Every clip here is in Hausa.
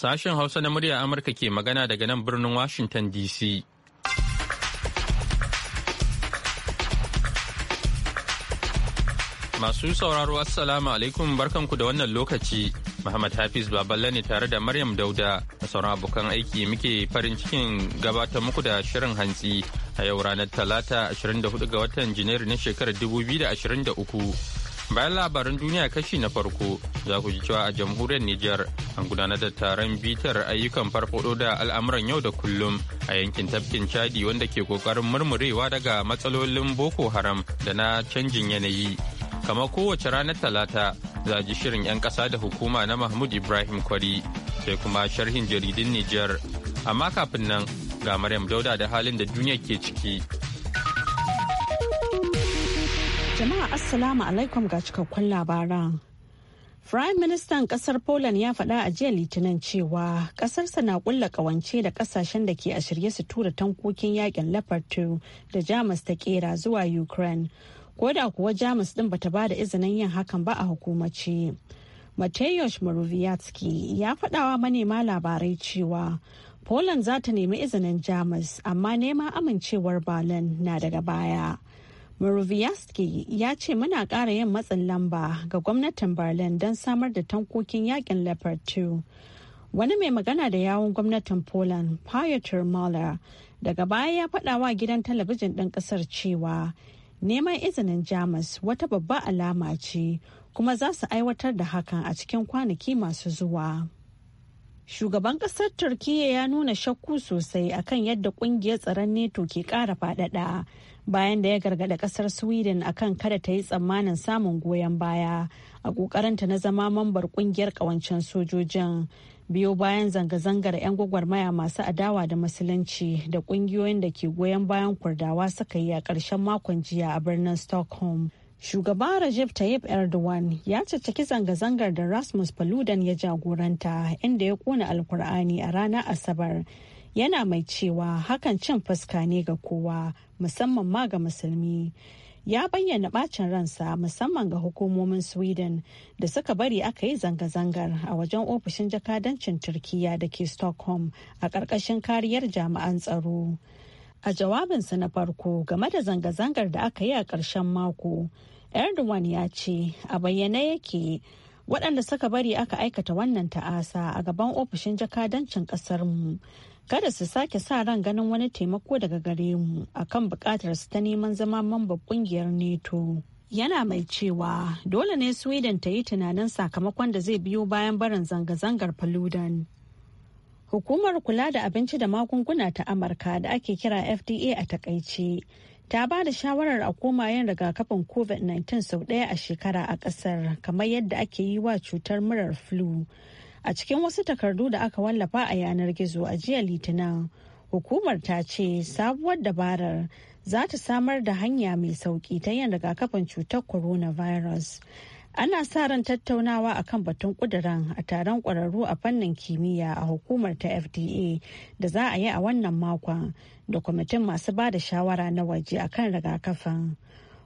Sashen Hausa na murya Amurka ke magana daga nan birnin Washington DC. Masu sauraro Assalamu alaikum barkanku da wannan lokaci. Muhammad Hafiz Baballe ne tare da Maryam Dauda da sauran abokan aiki muke farin cikin gabatar muku da shirin hantsi a yau ranar Talata 24 ga watan Janairu na shekarar 2023. Bayan labaran duniya kashi na farko za ku ji cewa a jamhuriyar Nijar an gudanar da taron bitar ayyukan farfado da al'amuran yau da kullum a yankin tafkin Chadi wanda ke kokarin murmurewa daga matsalolin Boko Haram da na canjin yanayi. Kamar kowace ranar Talata za ji shirin 'yan ƙasa da hukuma na Mahmud Ibrahim Kwari sai kuma sharhin jaridun Nijar. Amma kafin nan ga Maryam Dauda da halin da duniya ke ciki. Jama'a Assalamu alaikum ga cikakkun labaran. prime minister kasar Poland ya faɗa a jiya Litinin cewa ƙasarsa na ƙulla ƙawance da ƙasashen da ke a shirye su tura tankokin yakin Leopard 2 da Jamus ta ƙera zuwa Ukraine. Ko da kuwa Jamus ɗin bata ba da izinin yin hakan ba a hukumace. Mateusz Morawiecki ya faɗawa manema labarai cewa Poland za ta nemi izinin Jamus amma neman amincewar Berlin na daga baya. Moroviyaski ya ce muna ƙara yin matsin lamba ga gwamnatin Berlin don samar da tankokin yakin Leopard 2. Wani mai magana da yawon gwamnatin Poland, Piotr Muller, daga baya ya faɗa wa gidan talabijin ɗin ƙasar cewa neman izinin Jamus wata babba alama ce kuma za su aiwatar da hakan a cikin kwanaki masu zuwa. shugaban kasar turkiyya ya nuna shakku sosai akan yadda kungiyar tsaron neto ke kara fadada bayan da ya gargada kasar sweden akan kada ta yi tsammanin samun goyon baya a kokarinta na zama mambar kungiyar kawancen sojojin biyo bayan zanga-zangar 'yan gwagwarmaya masu adawa da musulunci da kungiyoyin da ke goyon bayan kurdawa suka yi a ƙarshen makon jiya a birnin stockholm Shugaba rajiv Tayyip Erdogan ya caccaki zanga-zangar da Rasmus Paludan ya jagoranta inda ya kona alkur'ani a ranar Asabar yana mai cewa hakan cin fuska ne ga kowa musamman ma ga musulmi ya bayyana bacin ransa musamman ga hukumomin sweden da suka bari aka yi zanga-zangar a wajen ofishin jakadancin turkiya da ke stockholm a ƙarƙashin kariyar jami'an tsaro a jawabinsa na farko game da zanga-zangar da aka yi a ƙarshen mako erdogan ya ce a bayyane yake waɗanda suka bari aka aikata wannan ta'asa a gaban ofishin jakadancin ƙasarmu kada su sake sa ran ganin wani taimako daga gare mu akan buƙatar su ta neman zama mambar ƙungiyar neto yana mai cewa dole ne sweden ta yi tunanin sakamakon da zai biyo bayan barin zanga-zangar faludan hukumar kula da abinci da magunguna ta amurka da ake kira fda a takaice ta ba da shawarar a koma yin rigakafin covid-19 sau ɗaya a shekara a ƙasar kamar yadda ake yi wa cutar murar flu a cikin wasu takardu da aka wallafa a yanar gizo a jiya litinin hukumar ta ce sabuwar dabarar za ta samar da hanya mai sauƙi ta yin rigakafin cutar coronavirus ana sa ran tattaunawa a kan batun kudirin a taron kwararru a fannin kimiyya a hukumar ta fda da za a yi a wannan makon da kwamitin masu ba da shawara na waje akan rigakafin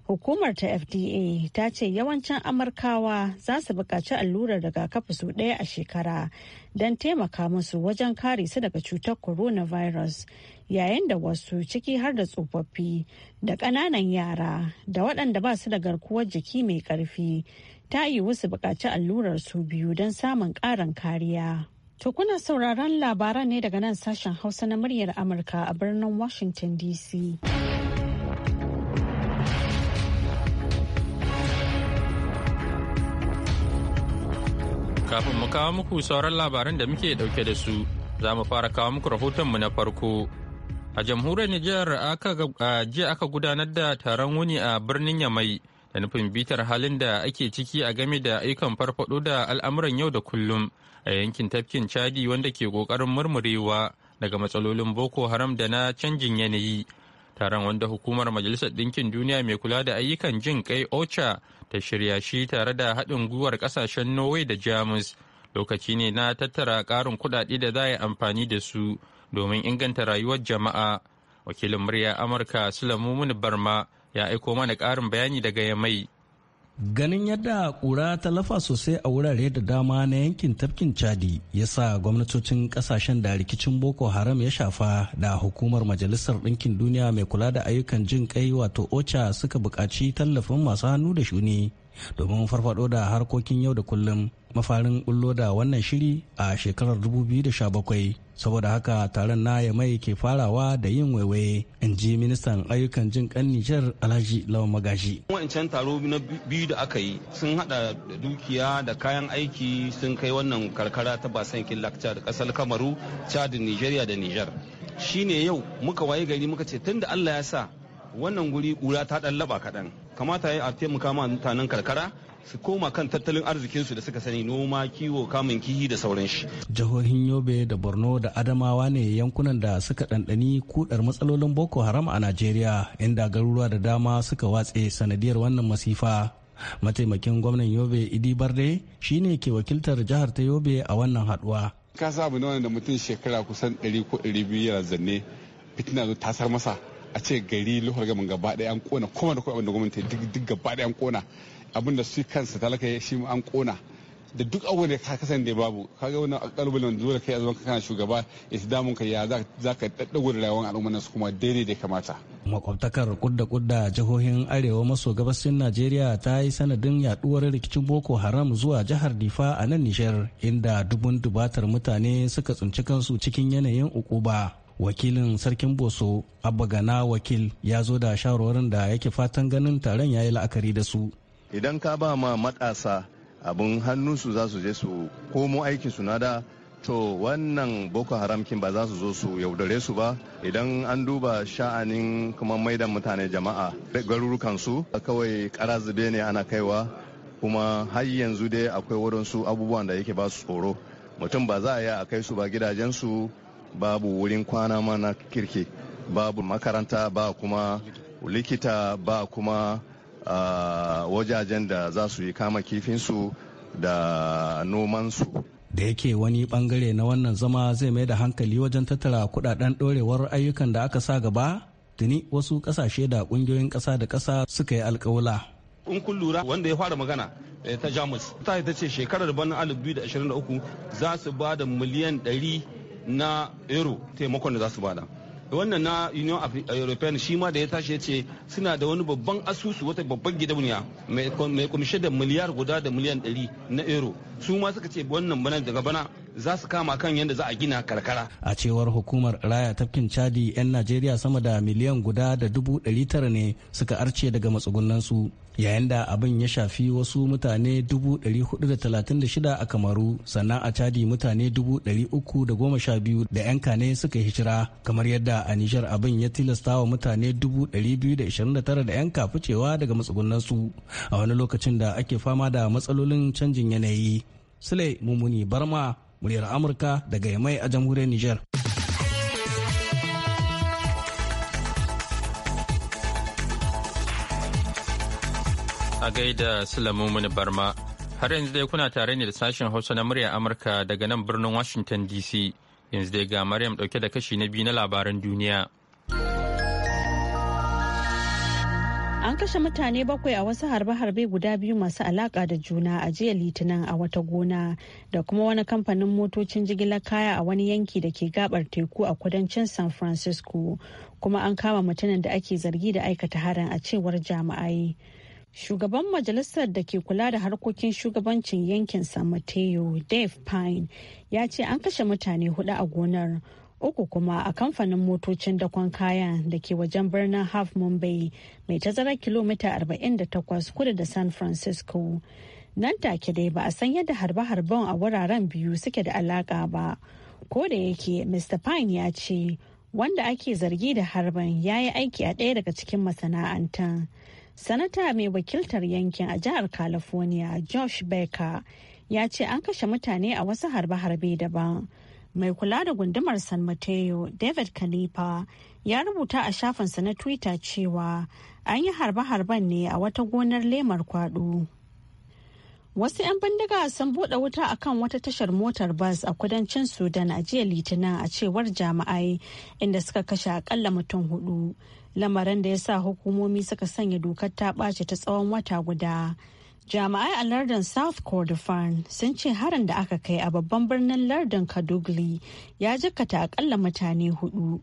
hukumar ta fda ta ce yawancin amurkawa za su buƙaci allurar rigakafi su ɗaya a shekara don taimaka musu wajen kare su daga cutar coronavirus yayin da wasu ciki har da tsofaffi da ƙananan yara da waɗanda ba su da garkuwar jiki mai ƙarfi ta yi wasu bukaci allurar su biyu don samun karin kariya. To kuna sauraron labaran ne daga nan sashen Hausa na muryar Amurka a birnin Washington DC. Kafin mu kawo muku sauran labaran da muke dauke da su, za mu fara kawo muku rahotonmu na farko. A jamhuriyar Nijar jiya aka gudanar da taron wuni a birnin Yamai. da nufin bitar halin da ake ciki a game da ayyukan farfado da al'amuran yau da kullum a yankin tafkin chadi wanda ke kokarin murmurewa daga matsalolin boko haram da na canjin yanayi taron wanda hukumar majalisar ɗinkin duniya mai kula da ayyukan jin kai ocha ta shirya shi tare da haɗin gwiwar ƙasashen norway da jamus lokaci ne na tattara ƙarin kuɗaɗe da za a yi amfani da su domin inganta rayuwar jama'a wakilin murya amurka sulamu barma ya aiko mana ƙarin bayani daga Yamai. Ganin yadda ƙura ta lafa sosai a wurare da dama na yankin tafkin Chadi ya sa gwamnatocin ƙasashen da rikicin Boko Haram ya shafa da hukumar Majalisar Ɗinkin Duniya mai kula da ayyukan jin kai wato OCHA suka buƙaci tallafin masu hannu da shuni domin farfado da harkokin yau da kullum mafarin bullo da wannan shiri a shekarar 2017 saboda haka taron na ya mai ke farawa da yin waiwaye in ji ministan ayyukan jin kan nijar alhaji lawan magashi wancan taro na biyu da aka yi sun hada dukiya da kayan aiki sun kai wannan karkara ta basankin lakca da kasar kamaru chad nigeria da nijar ne yau muka waye gari muka ce tunda allah ya sa wannan guri kura ta dan laba kaɗan kamata ya a taimaka ma mutanen karkara su koma kan tattalin arzikinsu da suka sani noma kiwo kamun kihi da sauran shi jihohin yobe da borno da adamawa ne yankunan da suka ɗanɗani kudar matsalolin boko haram a najeriya inda garuruwa da dama suka watse sanadiyar wannan masifa mataimakin gwamnan yobe idi barde shine ke wakiltar jihar ta yobe a wannan haduwa ka sabu na da mutum shekara kusan 100 ko 200 yana zanne fitina zo tasar masa a ce gari lokar gaban gaba ɗaya an kona kuma da kuma abin da gwamnati duk gaba ɗaya an kona abinda su shi kansa talaka shi an kona da duk abu da ka kasan da babu kaga wannan kalubalen dole kai a zaman kana shugaba ya ci damun ka ya za ka daddago da rayuwar al'umma nasu kuma daidai da kamata makwabtakar kudda kudda jihohin arewa maso gabashin najeriya ta yi sanadin yaduwar rikicin boko haram zuwa jihar difa a nan nishar inda dubun dubatar mutane suka tsinci kansu cikin yanayin ukuba wakilin sarkin boso abba gana wakil ya zo da shawarwarin da yake fatan ganin taron ya yi la'akari da su idan ka ba ma matasa abin hannunsu za su je su komo aikin su na da to wannan boko haram kin ba za su zo su yaudare su ba idan an duba sha'anin kuma maida mutane jama'a garurukan su kawai kara zube ne ana kaiwa kuma har yanzu dai akwai wadansu abubuwan da yake ba su tsoro mutum ba za a yi a kai su ba gidajensu babu wurin kwana mana kirki babu makaranta ba kuma likita ba kuma wajajen da za su yi kama kifinsu da nomansu da yake wani bangare na wannan zama zai mai da hankali wajen tattara kudaden ɗorewar ayyukan da aka sa gaba tuni wasu kasashe da ƙungiyoyin kasa da kasa suka yi alkawula in kun lura wanda ya fara magana eh, ta jamus ta ita ce shekarar bana 2023 za su ba da miliyan 100 na euro taimakon da za su bada wannan na union eh, european shi ma da ya tashi ya ce suna da wani babban asusu wata babban gidauniya mai kumshe da miliyar guda da miliyan 100 na euro su ma suka ce wannan bana daga bana za su kama kan yadda za a gina karkara. A cewar hukumar raya tafkin Chadi 'yan Najeriya sama da miliyan guda da dubu ɗari tara ne suka arce daga matsugunansu yayin da abin ya shafi wasu mutane dubu ɗari hudu da talatin da shida a Kamaru sannan a Chadi mutane dubu ɗari uku da goma sha biyu da 'yan kane suka hijira kamar yadda a Nijar abin ya tilasta wa mutane dubu ɗari biyu da ishirin da tara da 'yan kafucewa daga matsugunansu a wani lokacin da ake fama da matsalolin canjin yanayi. Sule Mumuni Barma muryar Amurka daga Yamai a jamhuriyar Nijar. A gaida Sulamu Muni Barma, har yanzu dai kuna tare ne da sashen Hausa na muryar Amurka daga nan birnin Washington DC. Yanzu dai ga Maryam dauke da kashi na biyu na labaran duniya. An kashe mutane bakwai a wasu harbe-harbe guda biyu masu alaka da juna a jiya litinin a wata gona da kuma wani kamfanin motocin jigilar kaya a wani yanki da ke gabar teku a kudancin San Francisco kuma an kama mutumin da ake zargi da aikata harin a cewar jami'ai. Shugaban majalisar da ke kula da harkokin shugabancin yankin San Mateo, Dave Pine, ya ce an kashe mutane hudu a gonar. uku kuma a kamfanin motocin dakon kaya da ke wajen birnin half mumbai mai tazarar kilomita 48 kudu da san francisco nan take dai ba a san yadda harbe-harben a wuraren biyu suke da alaka ba ko da yake mr pine ya ce wanda ake zargi da harban ya yi aiki a ɗaya daga cikin masana'antar sanata mai wakiltar yankin a jihar california josh becker ya ce an kashe mutane a wasu harbe-harbe daban mai kula da gundumar san mateo david kalifa ya rubuta a shafinsa na twitter cewa an yi harbe-harben ne a wata gonar lemar kwado wasu 'yan bindiga sun bude wuta akan wata tashar motar bas a kudancin sudan a jiya litinin a cewar jami'ai inda suka kashe akalla mutum hudu lamarin da ya sa hukumomi suka sanya dokar ta ɓace ta tsawon wata guda Jami'ai a lardin South Kordofan sun ce harin da aka kai a babban birnin lardin Kadugli ya jikata akalla mutane hudu.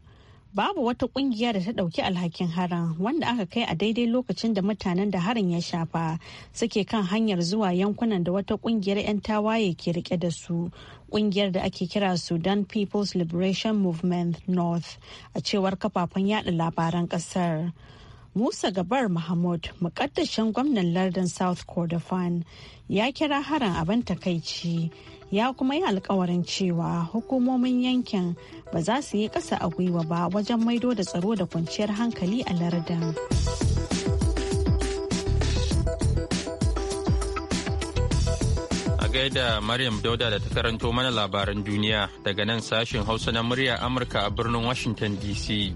Babu wata kungiya da ta dauki alhakin harin wanda aka kai a daidai lokacin da mutanen da harin ya shafa suke kan hanyar zuwa yankunan da wata kungiyar 'yan tawaye ke rike da su kungiyar da ake kira Sudan People's Liberation Movement North a cewar kafafen yada labaran kasar. Musa Gabar Mahmud, mukaddashin gwamnan lardin South Kordofan, ya kira harin abin takaici, ya kuma yi alkawarin cewa hukumomin yankin ba za su yi kasa a gwiwa ba wajen maido da tsaro da kwanciyar hankali a lardin. A gaida Maryam Dauda da ta karanto mana labaran duniya daga nan sashen Hausa na murya Amurka a birnin Washington DC.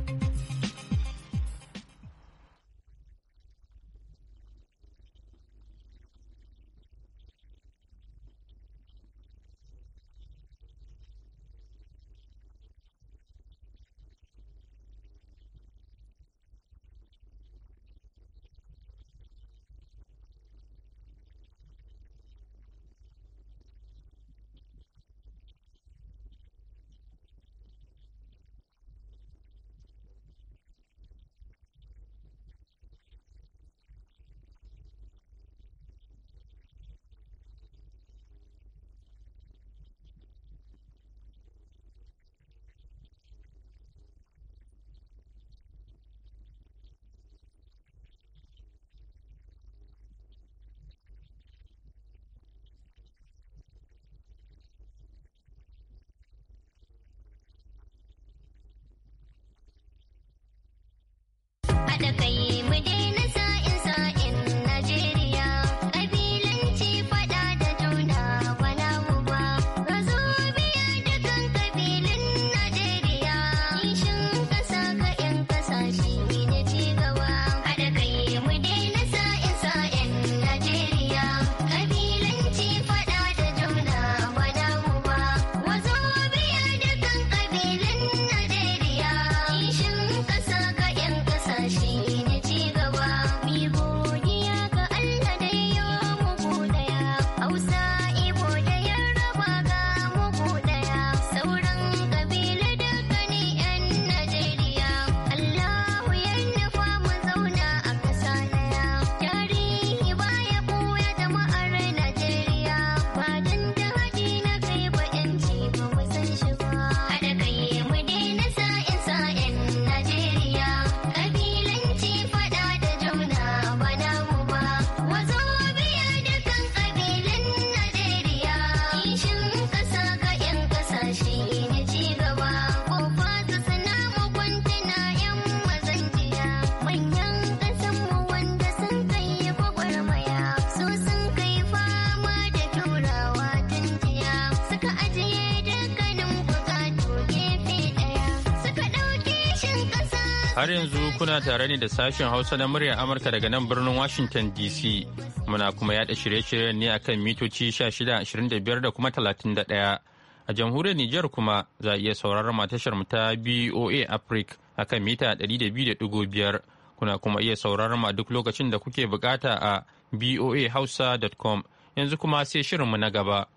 Har yanzu kuna tare ne da sashen Hausa na muryar Amurka daga nan birnin Washington DC. Muna kuma yada shirye-shiryen ne akan mitoci 1625 da kuma 31. A jamhuriyar Nijar kuma za a iya sauraron tashar mu ta BOA Africa akan mita 200.5. Kuna kuma iya sauraron ma duk lokacin da kuke bukata a boahausa.com. Yanzu kuma sai shirin mu na gaba.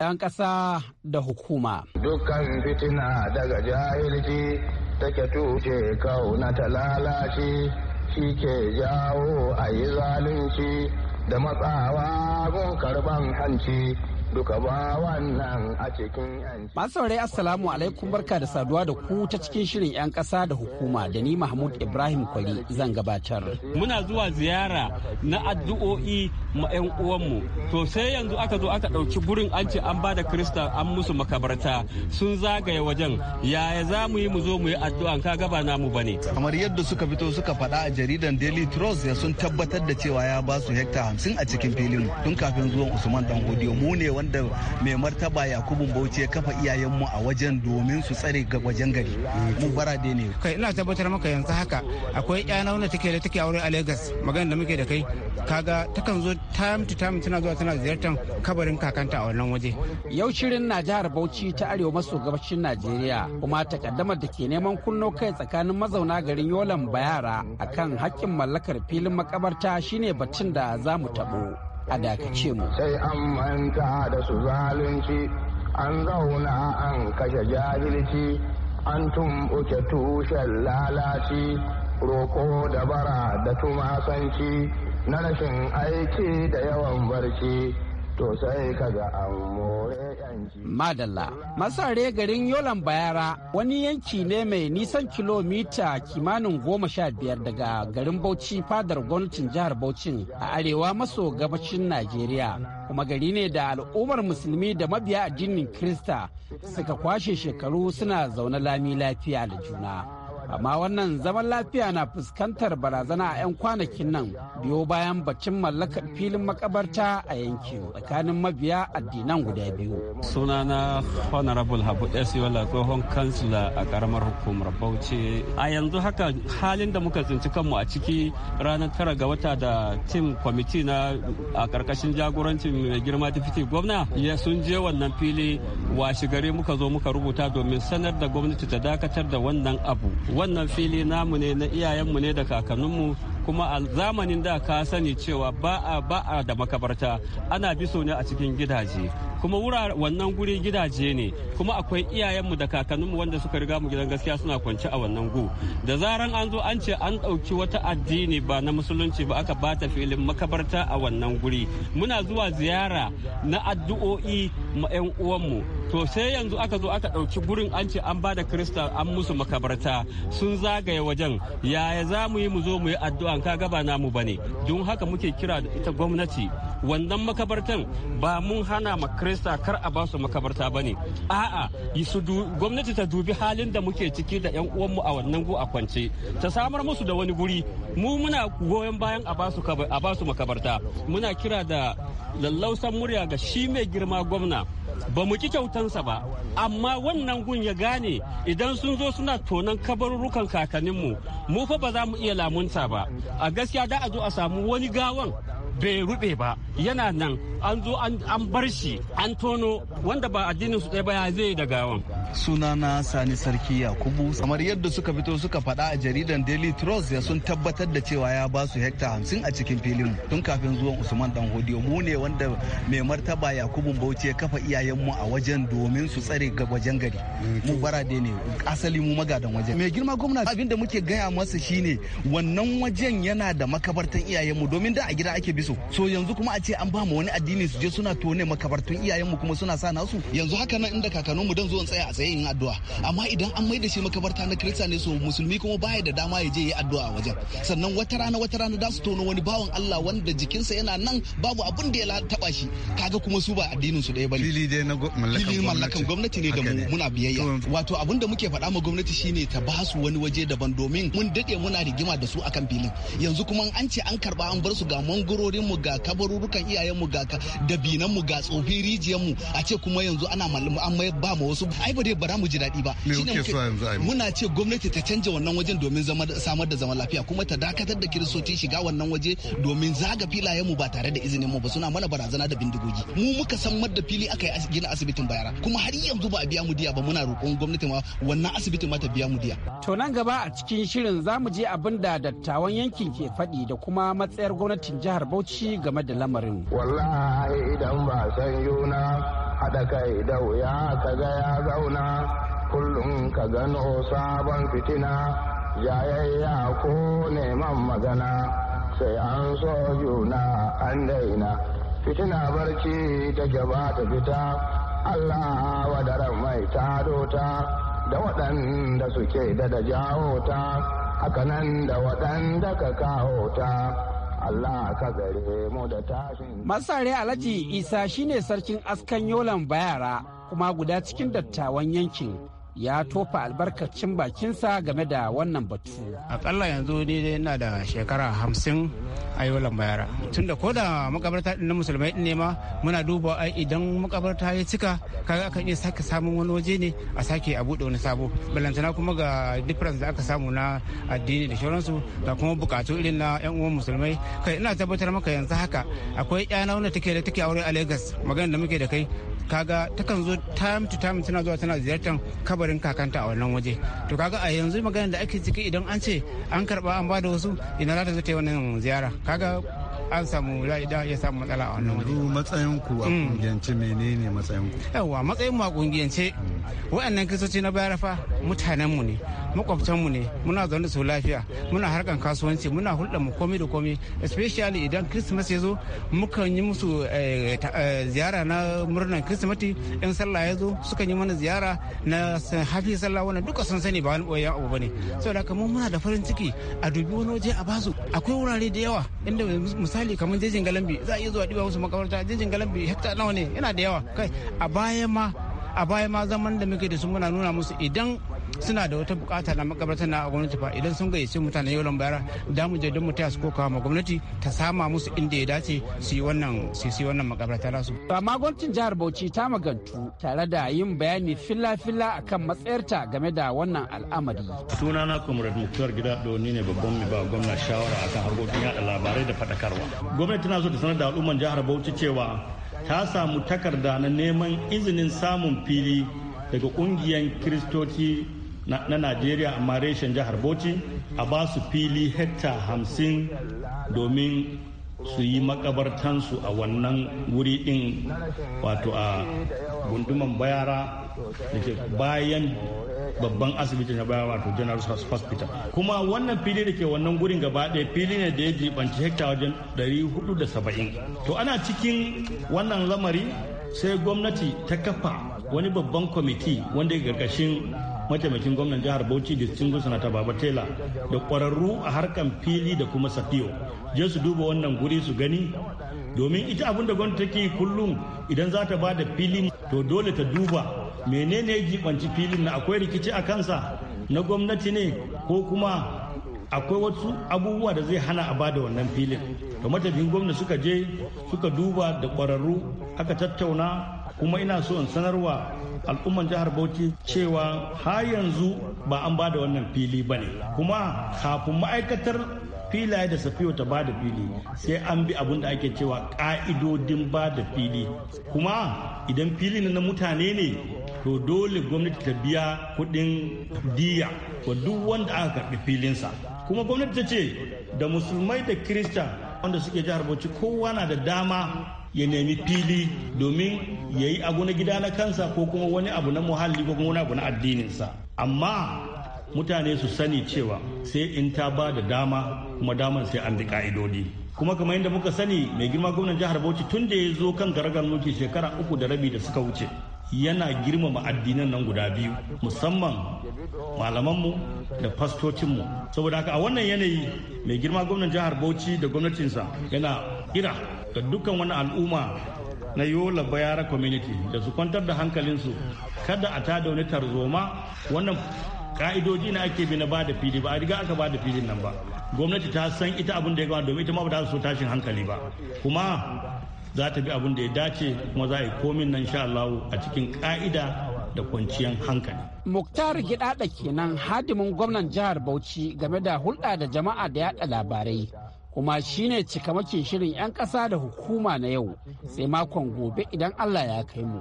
'Yan ƙasa da hukuma. Dukkan fitina daga jahilci take tuce kauna ta lalace shi ke jawo a yi zalunci da matsawa gun karban hanci duka ba wannan a cikin masu saurari assalamu alaikum barka da saduwa da ku ta cikin shirin 'yan kasa da hukuma da ni mahmud ibrahim kwari zan gabatar muna zuwa ziyara na addu'o'i ma 'yan uwanmu to sai yanzu aka zo aka ɗauki gurin an ce an ba da kirista an musu makabarta sun zagaya wajen yaya za mu yi mu zo mu yi addu'an ka gaba namu bane kamar yadda suka fito suka faɗa a jaridan daily trust ya sun tabbatar da cewa ya ba su hekta hamsin a cikin filin tun kafin zuwan usman dan mu ne wanda mai martaba yakubu bauchi ya kafa iyayenmu a wajen domin su tsare ga wajen gari mu barade ne kai ina tabbatar maka yanzu haka akwai na wanda take da take aure a Legas magana da muke da kai kaga takan zo time to time tana zuwa tana ziyartar kabarin kakanta a wannan waje yau shirin na jihar bauchi ta arewa maso gabashin najeriya kuma takaddamar da ke neman kunno kai tsakanin mazauna garin yolan bayara akan hakkin mallakar filin makabarta shine batun da za mu taɓo a dakace mu sai an manta da su zalunci an zauna an kashe jahilci an tumɓuke tushen lalaci roko da bara da tumasanci na rashin aiki da yawan barci madala masare garin Yolan Bayara wani yanki ne mai nisan kilomita kimanin goma sha biyar daga garin Bauchi fadar gwamnatin jihar Bauchi a arewa maso gabashin Najeriya. kuma gari ne da al'ummar musulmi da mabiya addinin Krista suka kwashe shekaru suna zaune lami lafiya da juna. amma wannan zaman lafiya na fuskantar barazana a 'yan kwanakin nan biyo bayan bacin mallakar filin makabarta a yankin tsakanin mabiya addinan guda biyu sunana honorable habu wala tsohon kansila a karamar hukumar bauchi a yanzu haka halin da muka tsinci kanmu a ciki ranar tara ga wata da tim kwamiti na a karkashin jagorancin mai girma fiti gwamna ya sun je wannan fili washe gari muka zo muka rubuta domin sanar da gwamnati ta dakatar da wannan abu wannan fili namu ne na iyayenmu ne da kakanninmu kuma a zamanin da ka sani cewa ba a ba a da makabarta ana biso ne a cikin gidaje kuma wura wannan guri gidaje ne kuma akwai iyayenmu da kakanninmu wanda suka riga mu gidan gaskiya suna kwance a wannan gu da zaran an zo an ce an ɗauki wata addini ba na musulunci ba aka bata filin makabarta a wannan guri muna zuwa ziyara na addu'o'i ma 'yan uwanmu to sai yanzu aka zo aka ɗauki gurin an ce an ba da krista an musu makabarta sun zagaye wajen yaya za mu yi mu zo mu yi addu'an ka gaba namu bane don haka muke kira da ita gwamnati wannan makabartan ba mun hana ma krista kar a ba su makabarta bane a'a su gwamnati ta dubi halin da muke ciki da yan uwanmu a wannan gu a kwance ta samar musu da wani guri mu muna goyon bayan a ba su makabarta muna kira da lallausan murya ga shi mai girma gwamna ba mu ki kyautansa ba amma wannan gun ya gane idan sun zo suna tonan kabarurukan kakanninmu mu fa ba za mu iya lamunta ba a gaskiya da a zo a samu wani gawan bai rube ba yana nan an zo an bar shi an tono wanda ba addinin su ɗaya ba ya zai da gawan sunana sani sarki yakubu kamar yadda suka fito suka faɗa a jaridan daily trust ya sun tabbatar da cewa ya ba su hekta hamsin a cikin filin tun kafin zuwan usman dan hodiyo mu ne wanda mai martaba yakubu bauchi ya kafa iyayenmu a wajen domin su tsare ga wajen gari mu barade ne asali mu magadan wajen mai girma gwamna abinda muke gaya masa shine wannan wajen yana da makabartan iyayenmu domin da a gida ake biso so yanzu kuma a ce an ba mu wani addini su je suna tone makabartun iyayenmu kuma suna sa nasu yanzu haka nan inda kakanninmu dan zuwan tsaya sai in addu'a amma idan an mai da shi makabarta na kirista ne so musulmi kuma baya da dama ya je yi addu'a a wajen sannan wata rana wata rana da su tono wani bawan Allah wanda jikinsa yana nan babu abin da ya taba shi kaga kuma su ba addinin su daya bane fili dai na mallakan gwamnati ne da mu muna biyayya wato abin da muke faɗa ma gwamnati shine ta ba su wani waje daban domin mun dade muna rigima da su akan filin yanzu kuma an ce an karba an bar su ga mangororin mu ga kabarurukan iyayen mu ga dabinan mu ga tsofin rijiyan mu a ce kuma yanzu ana an mai ba ma wasu ai ba dai ba za mu ji daɗi ba muna ce gwamnati ta canja wannan wajen domin samar da zaman lafiya kuma ta dakatar da kiristoci shiga wannan waje domin zaga filayen mu ba tare da izinin mu ba suna mana barazana da bindigogi mu muka san da fili aka yi gina asibitin bayara kuma har yanzu ba a biya mu diya ba muna roƙon gwamnati ma wannan asibitin ma ta biya mu diya to nan gaba a cikin shirin za mu je abin da dattawan yankin ke faɗi da kuma matsayar gwamnatin jihar Bauchi game da lamarin wallahi idan ba san yuna haɗa kai da wuya ka ga ya zauna kullum ka gano sabon fitina jayayya ko neman magana sai an so juna an daina fitina barci ta gaba ta fita Allah wadaran mai tado ta da waɗanda suke da da jawo ta hakanan da waɗanda ka kawo ta Allah Masare Alhaji Isa shine sarkin askan Yolan Bayara kuma guda cikin dattawan yankin ya tofa albarkacin bakinsa game da wannan batu. Akalla yanzu dai ina da shekara hamsin a yau lambayara. Tun da ko da makabarta na musulmai ne ma muna duba ai idan makabarta ya cika kaga akan iya sake samun wani waje ne a sake a buɗe wani sabo. Balantana kuma ga difference da aka samu na addini da shauransu da kuma bukatu irin na yan uwan musulmai. Kai ina tabbatar maka yanzu haka akwai ƴana wanda take da take aure a Lagos magana da muke da kai kaga takan zo time to time tana zuwa tana ziyartar kabar barin kakanta a wannan waje to kaga a yanzu maganar da ake ciki idan an ce an karba an bada wasu ina za ta zo yi wannan ziyara kaga an samu idan ya samu matsala a wannan waje matsayin ku a mm. kungiyance menene matsayin ku Yawwa matsayin mu a kungiyance mm. waɗannan kristoci na bayarafa mutanen mu ne makwabtan mu ne muna zaune su lafiya muna harkan kasuwanci muna hulɗa mu komai da komai especially idan christmas ya zo mukan yi musu eh, eh, ziyara na murnar christmas in sallah ya zo suka yi mana ziyara na hafi sallah wannan duka sun sani ba wani ɓoyayyen abu bane saboda haka muna da farin ciki a dubi wani waje a basu akwai wurare da yawa inda musamman misali kamar jejin galambi za a iya zuwa ɗiba musu makabarta jejin galambi hekta nawa ne yana da yawa kai a baya ma a baya ma zaman da muke da su muna nuna musu idan suna da wata bukata na makabarta na gwamnati fa idan sun gayyace mutane yau lambar da mu je don mu taya su koka ma gwamnati ta sama musu inda ya dace su yi wannan su yi wannan makabarta nasu. amma gwamnatin jihar Bauchi ta magantu tare da yin bayani filla-filla akan matsayarta game da wannan al'amari. sunana comrade muktar gida ni ne babban mai ba gwamna shawara akan harkokin yada labarai da faɗakarwa gwamnati tana so ta sanar da al'umman jihar Bauchi cewa ta samu takarda na neman izinin samun fili daga kungiyar kiristoci na najeriya amma reshen jihar bauchi a ba su fili hekta hamsin domin su yi makabartansu a wannan wuri din wato a gunduman bayara da ke bayan babban asibiti na baya wato general hospital kuma wannan fili da ke wannan gurin gaba ɗaya fili ne da ya jibanci hekta wajen 470 to ana cikin wannan lamari sai gwamnati ta kafa wani babban kwamiti wanda ya gargashin mataimakin gwamnan jihar bauchi da distinguished sanata baba tela da kwararru a harkan fili da kuma safiyo je su duba wannan guri su gani domin ita abin da gwamnati take kullum idan za ta ba da filin. to dole ta duba menene ya jibanci filin na akwai rikici a kansa na gwamnati ne ko kuma akwai wasu abubuwa da zai hana a ba da wannan filin da matafin gwamna suka je suka duba da kwararru aka tattauna kuma ina so in sanarwa al'umman jihar bauchi cewa har yanzu ba an ba da wannan fili ba ne kuma kafin ma'aikatar filaye da safiyo ta ba da fili sai an bi abin da ake cewa ka'idodin ba da fili kuma idan fili na mutane ne to dole gwamnati ta biya kudin diya wa duk wanda aka karbi filinsa kuma gwamnati ta ce da musulmai da kirista wanda suke jihar bauchi kowa na da dama ya nemi fili domin ya yi abu na gida na kansa ko kuma wani abu na muhalli ko kuma wani abu na addininsa amma mutane su sani cewa sai in ta ba da dama kuma daman sai an bi ka'idodi kuma kamar yadda muka sani mai girma gwamnan jihar bauchi tun da ya zo kan garagar mulki shekara uku da rabi da suka wuce yana girmama addinan nan guda biyu musamman malamanmu da fastocinmu saboda haka a wannan yanayi mai girma gwamnan jihar bauchi da gwamnatinsa yana kira ga dukkan wani al'umma na yola bayara community da su kwantar da hankalinsu kada a tada wani tarzoma wannan ka'idoji na ake bi na ba da fili ba a riga aka ba da filin nan ba gwamnati ta san ita abin da ya gama domin ita ma ba ta so tashin hankali ba kuma za ta bi abin da ya dace kuma za a yi komin nan sha Allah a cikin ka'ida da kwanciyar hankali. Muktar Gidada kenan hadimin gwamnan jihar Bauchi game da hulɗa da jama'a da yada labarai. kuma shi shine cikamakin shirin 'yan ƙasa da hukuma na yau sai makon gobe idan Allah ya kai mu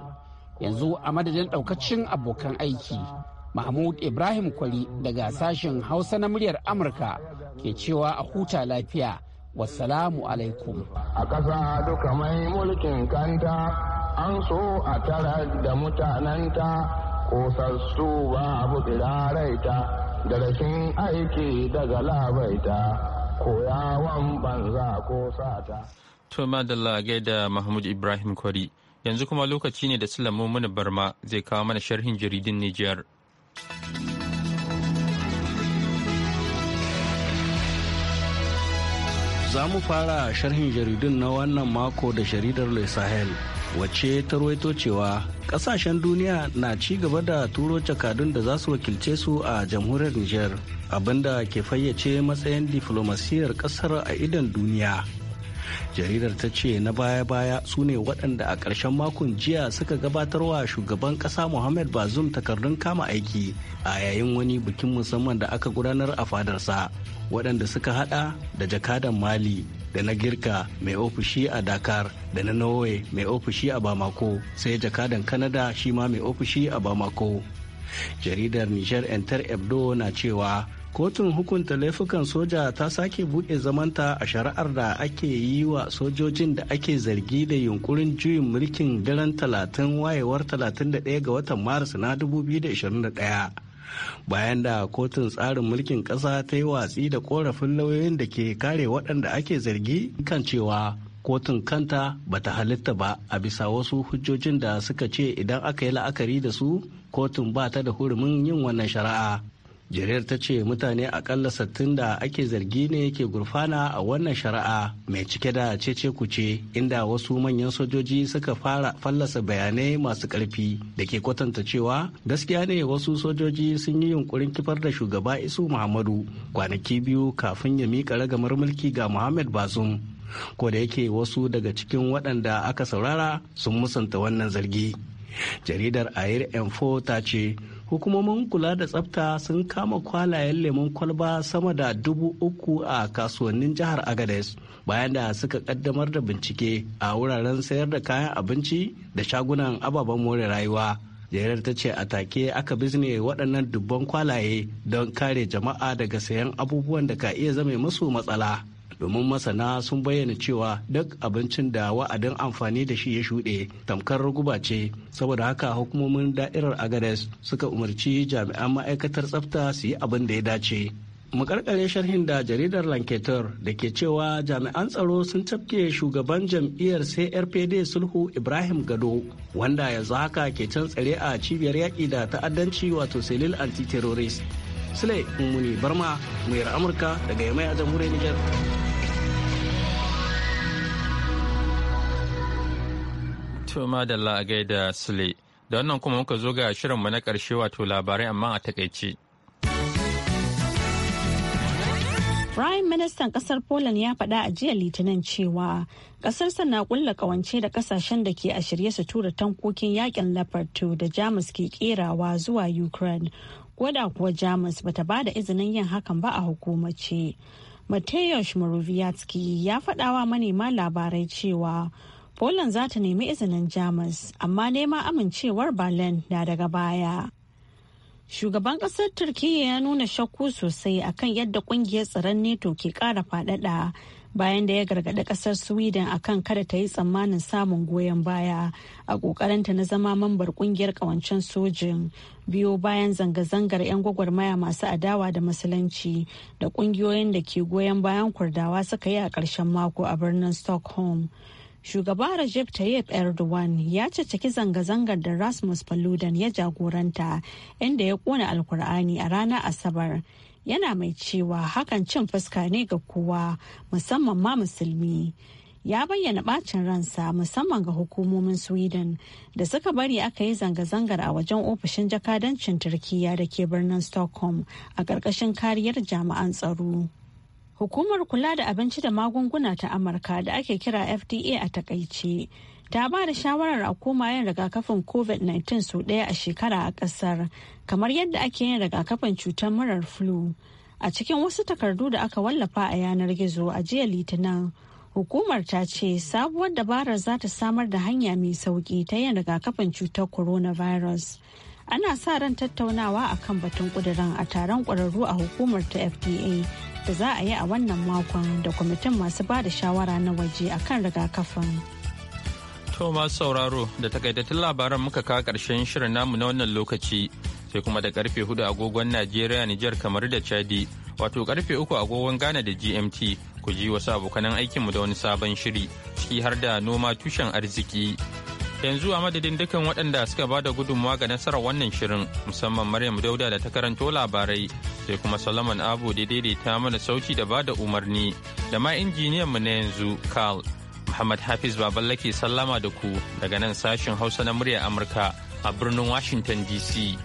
yanzu a madadin ɗaukacin abokan aiki mahmud ibrahim kwari daga sashen hausa na muryar amurka ke cewa a huta lafiya wassalamu alaikum a ƙasa duka mai mulkin kanta an so a tara da mutananta kosassu ba abu tsiraraita da rashin aiki daga labaita koyawan banza ko sata to madalla gaida mahmud ibrahim kwari yanzu kuma lokaci ne da sulamu mana barma zai kawo mana sharhin jaridin nijar. Za mu fara sharhin jaridun na wannan mako da jaridar Le Sahel, wacce ta ruwaito cewa kasashen duniya na ci gaba da turo jakadun da za su wakilce su a jamhuriyar Nijar, abinda ke fayyace matsayin diflomasiyyar kasar a idan duniya. jaridar ta ce na baya-baya su ne waɗanda a ƙarshen makon jiya suka gabatarwa shugaban ƙasa muhammad bazum takardun kama aiki a yayin wani bikin musamman da aka gudanar a fadarsa waɗanda suka haɗa da jakadan mali da na girka mai ofishi a dakar da na norway mai ofishi a bamako sai jakadan kanada shi ma mai ofishi a bamako jaridar nijar enter ebdo na cewa kotun hukunta laifukan soja ta sake buɗe zamanta a shari'ar da ake yi wa sojojin da ake zargi da yunkurin juyin mulkin daren talatin wayewar 31 ga watan maris na 2021 bayan da kotun tsarin mulkin ƙasa ta yi watsi da korafin lauyoyin da ke kare waɗanda ake zargi kan cewa kotun kanta bata halitta ba a bisa wasu hujjojin da suka ce idan aka yi la'akari da su kotun ba ta da hurumin yin wannan shari'a jaridar ta ce mutane akalla sattin da ake zargi ne ke gurfana a wannan shari'a mai cike da cece kuce inda wasu manyan sojoji suka fara fallasa bayanai masu karfi da ke kwatanta cewa gaskiya ne wasu sojoji sun yi yunkurin kifar da shugaba isu muhammadu kwanaki biyu kafin ya mika ragamar mulki ga muhammad bazum ko da yake wasu daga cikin waɗanda aka saurara sun musanta wannan zargi jaridar air info ta ce hukumomin kula da tsafta sun kama kwalayen lemon kwalba sama da dubu uku a kasuwannin jihar agades bayan da suka kaddamar da bincike a wuraren sayar da kayan abinci da shagunan ababen more rayuwa jaridar ta ce a take aka bizne waɗannan dubban kwalaye don kare jama'a daga sayan abubuwan da ka iya zame musu matsala domin masana sun bayyana cewa duk abincin da wa'adin amfani da shi ya shuɗe tamkar guba ce saboda haka hukumomin da'irar agares suka umarci jami'an ma'aikatar tsafta su yi abin da ya dace makarkare sharhin da jaridar lanketor da ke cewa jami'an tsaro sun cafke shugaban jam'iyyar crpd sulhu ibrahim gado wanda yanzu haka ke can tsare a cibiyar yaƙi da ta'addanci wato selil anti-terrorist sule mummuni barma mayar amurka daga yamai a jamhuriyar niger To da a da Sule. Da wannan kuma muka zo ga shirinmu na ƙarshe wato labarai amma a takaice. Prime Ministan kasar Poland ya faɗa a jiya Litinin cewa ƙasarsa na ƙulla ƙawance da ƙasashen da ke a shirye su tura tankokin yakin Leopard da Jamus ke ƙerawa zuwa Ukraine. Koda kuwa Jamus bata ba da izinin yin hakan ba a hukumace. Mateusz Morawiecki ya faɗawa manema labarai cewa Poland za ta nemi izinin Jamus, amma neman amincewar Berlin na daga baya. Shugaban ƙasar Turkiyya ya nuna shakku sosai akan yadda ƙungiyar tsaron NATO ke ƙara faɗaɗa bayan da ya gargaɗi ƙasar Sweden akan kada ta yi tsammanin samun goyon baya a ƙoƙarinta na zama mambar ƙungiyar ƙawancen sojin biyo bayan zanga-zangar 'yan gwagwarmaya masu adawa da musulunci da ƙungiyoyin da ke goyon bayan kurdawa suka yi a ƙarshen mako a birnin Stockholm. shugaban Recep Tayyip Erdogan ya caccaki zanga-zangar da Rasmus Paludan ya jagoranta inda ya kona alkur'ani a ranar Asabar. Yana mai cewa hakan cin fuska ne ga kowa musamman ma musulmi. Ya bayyana bacin ransa musamman ga hukumomin Sweden da suka bari aka yi zanga-zangar a wajen ofishin jakadancin Turkiyya da ke birnin Stockholm a ƙarƙashin kariyar jami'an tsaro. Hukumar kula da abinci da magunguna ta Amurka da ake kira FDA a takaice ta ba da shawarar a koma yin rigakafin COVID-19 sau ɗaya a shekara a ƙasar kamar yadda ake yin rigakafin cutar murar flu. A cikin wasu takardu da aka wallafa a yanar gizo a jiya Litinin. hukumar ta ce sabuwar dabarar za ta samar da hanya mai sauki ta yin rigakafin cutar coronavirus ana sa ran tattaunawa a kan batun kudirin a taron kwararru a hukumar ta fda da za a yi a wannan makon da kwamitin masu ba da shawara na waje a kan rigakafin to masu sauraro da takaitattun labaran muka kawo karshen shirin namu na wannan lokaci sai kuma da karfe hudu agogon najeriya nijar kamar da chadi wato karfe uku agogon ghana da gmt ku ji wasu abokanan aikinmu da wani sabon shiri ciki har da noma tushen arziki yanzu a madadin dukkan waɗanda suka ba da gudunmawa ga nasarar wannan shirin musamman maryam dauda da ta karanto labarai sai kuma solomon abu da daidaita mana sauci da ba da umarni da ma injiniyan mu na yanzu carl muhammad hafiz baballake sallama da ku daga nan sashen hausa na murya amurka a birnin washington dc